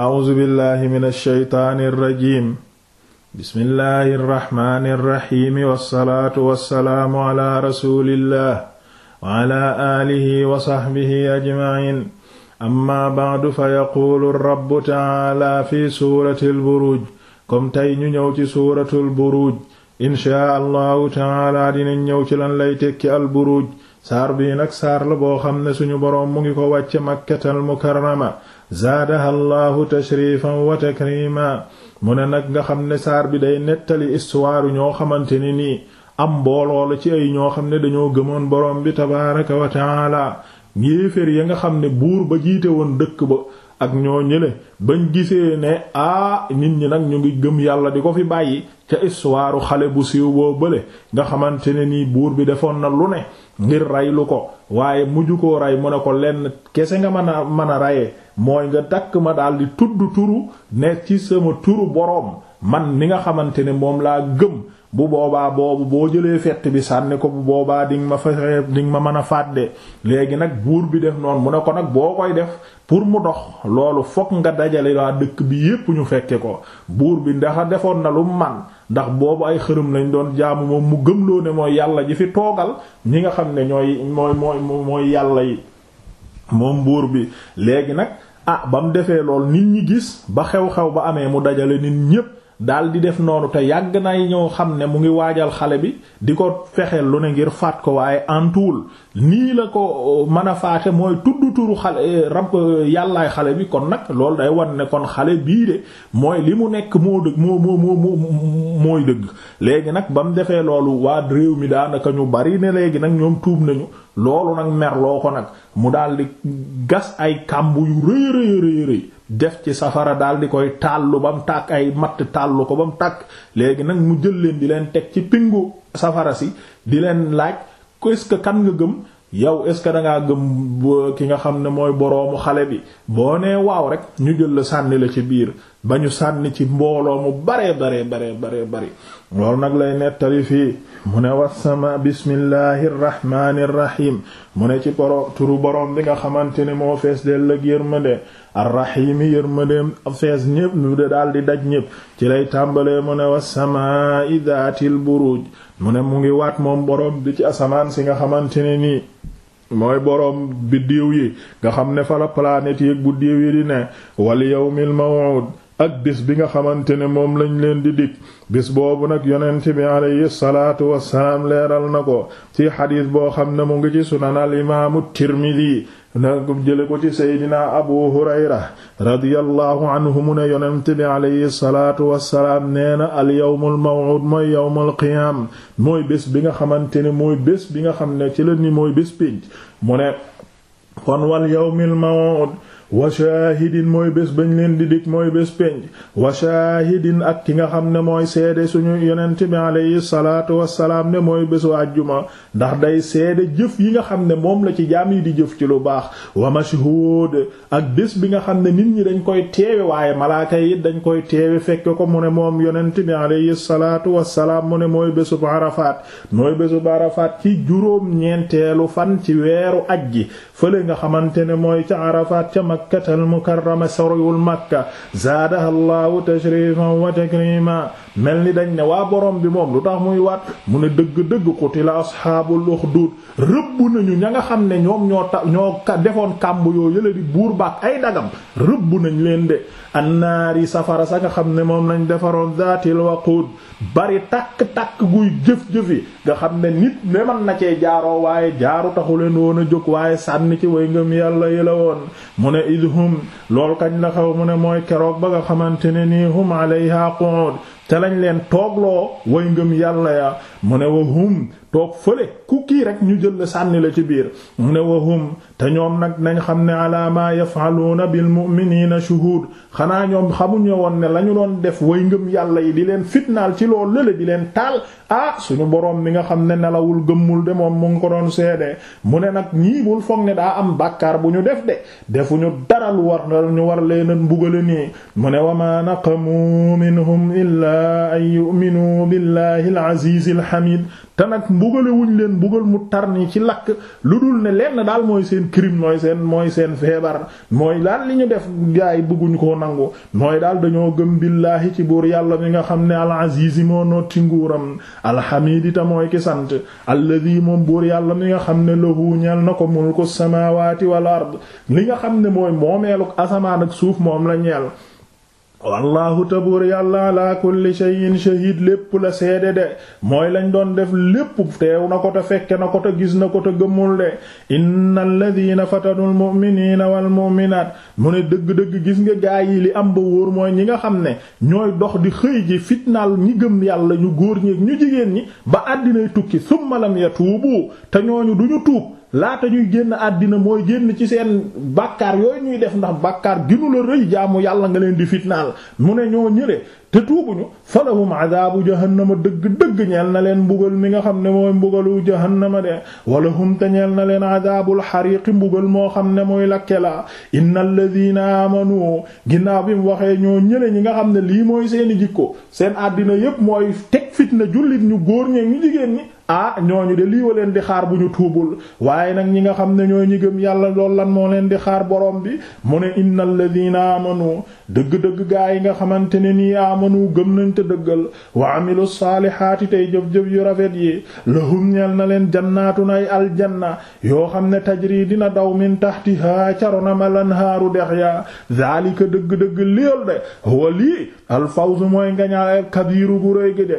awuzu billahi min alsheytaani irrajim bismillahi irraxmaani irraxiimi wassalaatu wassalaamu ala rasulillah wa ala aalihi wa saxbihi ajmaciin amma bacdu fa yaquulu rabbu tacaala fi suurati alburuuj kom tey ñu ñëw ci suuratu alburuuj inchaa allahu tacaala dinañ ñëw ci lan lay tekki alburuuj saar bii nag saar la boo xam ne suñu boroom mu ngi ko wàcce makkatal mukarrama zaadaha llahu tashrifan wa takrima mu ne nag nga xam ne saar bi day nettali istuwaaru ñoo xamante ne nii am mbooloo la ci ay ñoo xam ne dañoo gëmoon borom bi tabaaraka wa taala yéefér ya nga xam ne buur ba jiite woon dëkk ba ak ñoo ñële bañ gisee ne aa ah, nit ñi nag ñu ngi gëm yàlla di ko fi bàyyi ca istuwaaru xale bu siiw boo bële nga xamante ne nii buur bi defoon na lu ne ngir rey ko waaye mujj koo rey mu ne ko lenn kese nga mën a mën a reyee mooy nga takk ma daldi tudd turu ne ci sama turu boroom man mi nga xamante ne moom laa gëm bu boobaa boobu boo jëlee fett bi sànni ko bu boobaa dinga ma fexe dinga ma mën a fàdde léegi nag buur bi def noonu mu ne ko nag boo koy def pour mu dox loolu fokk nga dajale waa dëkk bi yépp ñu fekke ko buur bi ndax defoon na lu man ndax boobu ay xërëm lañ doon jaamu moom mu gëmloo ne mooy yàlla ji fi toogal ñi nga xam ne ñooy mooy mooy mooy yàlla yi moom buur bi léegi nag ah ba mu defee lool nit ñi gis ba xew-xew ba amee mu dajale nit ñépp daal di def noonu te yàgg nay ñoo xam ne mu ngi waajal xale bi di ko fexee lu ne ngir faat ko waaye antuwul nii la ko euh, mën a faate mooy tudd turu xale euh, rab euh, yàllaay xale bi kon nag loolu day wan ne kon xale bii de mooy li mu nekk moo dëgg moo moo moo mooy dëgg léegi nag ba mu defee loolu waa réew mi daanaka ñu bari ne léegi nag ñoom tuub nañu loolu nag merloo ko nag mu daal di gas ay kàmb yu rëy rëy rëy rëy def ci safara daal di koy tàllu ba mu tàkk ay matt tàllu ko ba mu tàkk léegi nag mu jël leen di leen teg ci pingu safara si di leen laaj ko est-ce kan nga gëm yow est-ce que ngaa gëm ki nga xam ne mooy boroomu xale bi boo nee waaw rek ñu jël la sànni la ci biir ba ñu sànni ci mbooloo mu baree baree baree baree bari loolu nag lay nettali fii mu ne wasama bismillahi rrahmani rrahim mu ne ci boro turu boroom bi nga xamante ne moo fees del la yërmande yi arrahimi yërmandeem fees ñépp lu de daal di daj ñépp ci lay tàmbalee mu ne wassamaa'i daatil buruj mu ne mu ngi waat moom boroom di ci asamaan si nga xamante ne nii mooy boroom biddiw yi nga xam ne fa la planète yéeg bu diiw yi di ne wal yawmil maw'ud ak bis bi nga xamante ne moom lañ leen di dig bis boobu nag yonent bi alayhi salaatu wassalaam leeral na ko ci xadiis boo xam ne mu ngi ci sunan al imaamu tirmidi na jële ko ci seydina abu hurayra radiyallahu anhu mu ne yonent bi alayhi salaatu wassalaam nee na al yawmul maw'ud mooy yawmul qiyaam mooy bés bi nga xamante ne mooy bés bi nga xam ne ci la ni mooy bés pénc mu ne kon wal yawmil maw'ud wa shaahidin mooy bés bañ leen di dig mooy bés penj wa shaahidin ak ki nga xam ne mooy seede suñu yonent bi alayhi salaatu wassalaam ne mooy bésu àjjuma ndax day seede jëf yi nga xam ne moom la ci jaam yi di jëf ci lu baax wa mashhuud ak bés bi nga xam ne nit ñi dañ koy teewe waaye malaaka yi dañ koy teewe fekke ko mu ne moom yonent bi alayhi salaatu wassalaam mu ne mooy bésu Arafaat mooy bésu Arafaat ci juróom ñeenteelu fan ci weeru ajji fële nga xamante ne mooy ca Arafaat makkata al mukarrama soriwul makka zaadaha allahu tashrifan wa takrima mel ni dañ ne waa borom bi moom lu tax muy waat mu ne dëgg-dëgg qutila ashaabul uxduud rëbb nañu ña nga xam ne ñoom ñoo ta ñoo defoon kàmb yoo yële di buur baak ay dagam rëbb nañ leen de annaari safara sa nga xam ne moom lañ defaroon daatil waquud bari takk-takk guy jëf-jëfi nga xam ne nit ne mën na cee jaaroo waaye jaaru taxu leen woon a jóg waaye sànni ci way ngëm yàlla yi woon mu ne idhum lool kañ la xew mu ne mooy keroog ba nga xamante ne nii hum ca lañ leen toogloo way ngëm yàlla ya mu ne wa hum toog fële ku kii rek ñu jël la sànni la ci biir mu ne wahum te ñoom nag nañ xam ne ala ma yaf'aluna bil mu'minina shuhud xanaa ñoom xamuñu woon ne la ñu doon def way ngëm yàlla yi di leen fitnaal ci loolu lële di leen taal ah suñu boroom mi nga xam ne nelawul gëmmul de moom mu ko doon seede mu ne nag ñii bul foog ne daa am bàkkaar bu ñu def de defuñu dara lu war ñu war leen a mbugale nii mu ne wa ma naqamu minhum illaa an yu'minu billahi al-aziz al-hamid mbugalewuñ leen buggal mu tarni ci lakk lu dul ne lenn daal mooy seen crime mooy seen mooy seen feebar mooy daal li ñu def gaa bëgguñu ko koo nangu mooy daal dañoo gëm billaahi ci buur yàlla mi nga xam ne al-azizi moo notti nguuram alxamiidi ta mooy ki sant moom buur yàlla mi nga xam ne lahu ñeel na ko mulku samaawaati wal ard li nga xam ne mooy moomeeluk asamaan ak suuf moom la ñeel wallahu tabuur yàlla ala kulli shay'in shahid lépp la seede de mooy lañ doon def lépp teew na ko te fekke na ko te gis na ko te gëmmul de innal ladina fatanul mu'minina wal mu'minat mu ne dëgg-dëgg gis nga gaa yi li am ba wóor mooy ñi nga xam ne ñooy dox di xëy ji fitnaal ñi gëm yàlla ñu góor ñi ñu jigéen ñi ba àddinay tukki summa lam yatuubu te ñooñu duñu tuub laata ñuy génn àddina mooy génn ci seen bàkkaar yooyu ñuy def ndax bàkkaar ginu la rëy jaamu yàlla nga leen di fitnaal mu ne ñoo ñële te tuubuñu falahum adaabu jahannama dëgg-dëgg ñeel na leen mbugal mi nga xam ne mooy mbugalu jahannama de walahum te ñeel na leen adaabul xariqi mbugal moo xam ne mooy lakke la inna alladina amanu ginnaaw bi mu waxee ñoo ñële ñi nga xam ne lii mooy seeni jikko seen àddina yépp mooy teg fitna jullit ñu góor ñeek ñu jigéen ñi ah ñooñu de lii wa leen di xaar bu ñu tuubul waaye nag ñi nga xam ne ñooy ñi gëm yàlla lool lan moo leen di xaar boroom bi mu ne yi nga xamante amanu gëm nañ te dëggal wa amilu saalihaati tey jëf-jëf yu rafet yi lahum ñeel na leen jannaatun ay aljanna yoo xam ne taj tajri dina daw min tahtiha caronam alanhaaru dex ya daalika dëgg-dëgg léol de huwa lii alfawzu mooy ngañaal kabiiru bu rëy de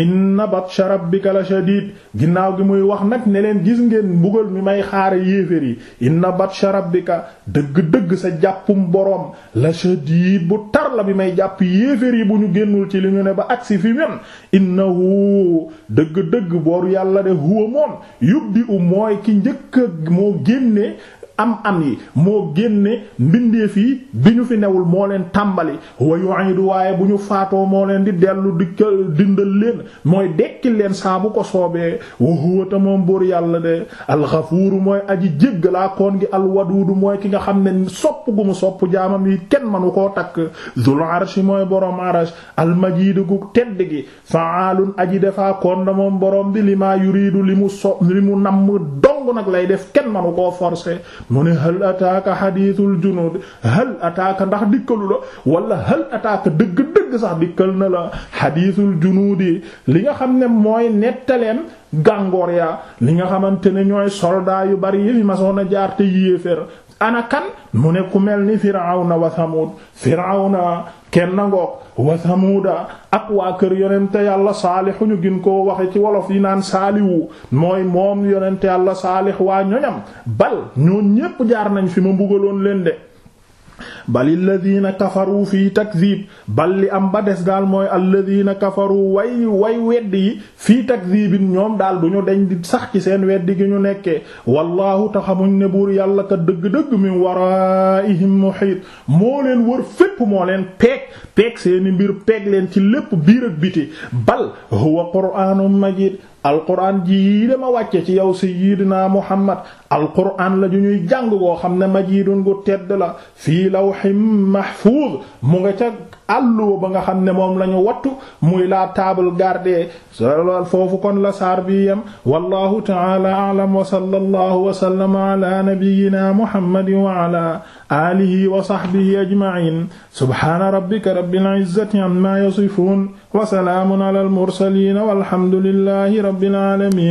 inna batsha rabbika la shadid ginnaaw gi muy wax nag neleen gis ngeen mbugal mi may xaare yéefér yi inna batsha rabbika dëgg-dëgg sa jàppum borom la shadid bu tar la bi may jàpp yéefér yi bu ñu génnul ci li ñu ne ba agsi fi mem innahu dëgg-dëgg booru yàlla de huwa moom yubdi u mooy ki njëkk moo génnee am am yi moo génne mbindeef yi bi ñu fi newul moo leen tàmbali wa yu'idu waaye bu ñu faatoo moo leen di dellu dikkal dindal leen mooy dekkil leen saa bu ko soobee wa ta moom buur yàlla de alxafuuru mooy aji jéggalaa koon gi alwaduudu mooy ki nga xam ne sopp gu mu sopp jaamam yi kenn manu koo takk zul arshi mooy boroom arash almajiidu gu tedd gi fa'aalun aji defaa koon da moom boroom bi li yuriidu li mu so li mu namm dong nag lay def kenn manu koo forcer mu ne a ataaka xadiitul junuud hal ataaka ndax dikkalu la wala hal ataaka dëgg-dëgg sax dikkal na la xadiitul junuudi li nga xam ne mooy nettaleem gàngoor yaa li nga xamante ne ñooy soldat yu bari yi fi masoon a jaar te yéeféer ana kan mu ne ku mel ni firawna wa thamud firawna kenn ngoog wa thamuda ak waa kër yonente yàlla saalihu ñu gin koo waxe ci wolof yi naan saaliwu mooy moom yonente yàlla saalih waa ñoñam bal ñoon ñépp jaar nañ fi ma mbugaloon leen de bali alladina kafaru fii takdib bal li am ba des daal mooy alladina kafaru way way weddi yi fii takdibin ñoom daal du ñu deñ di sax ci seen weddi gi ñu nekkee wallahu te xamuñ ne buur yàlla ko dëgg-dëgg min waraihim muhiit moo leen wër fépp moo leen peeg peeg seeni mbir peeg leen ci lépp biir ak biti bal huwa qur'aanun majiid alquraan ji yi dama wàcce ci yow sayyidina muhammad alquran la ju ñuy jàng boo xam ne majiidun gu tedd la fii lawhim mahfuuz mu nga ca àlluwa ba nga xam ne moom la ñu wattu muy la table gardée solo foofu kon la saar bi yam wallahu ta'ala a'lam wa sallallahu wa sallama ala nabiyyina muhammadin wa ala alihi wa sahbihi ajma'in subhana rabbika rabbil izzati amma yasifun wa salamun ala al mursalin walhamdulillahi rabbil alamin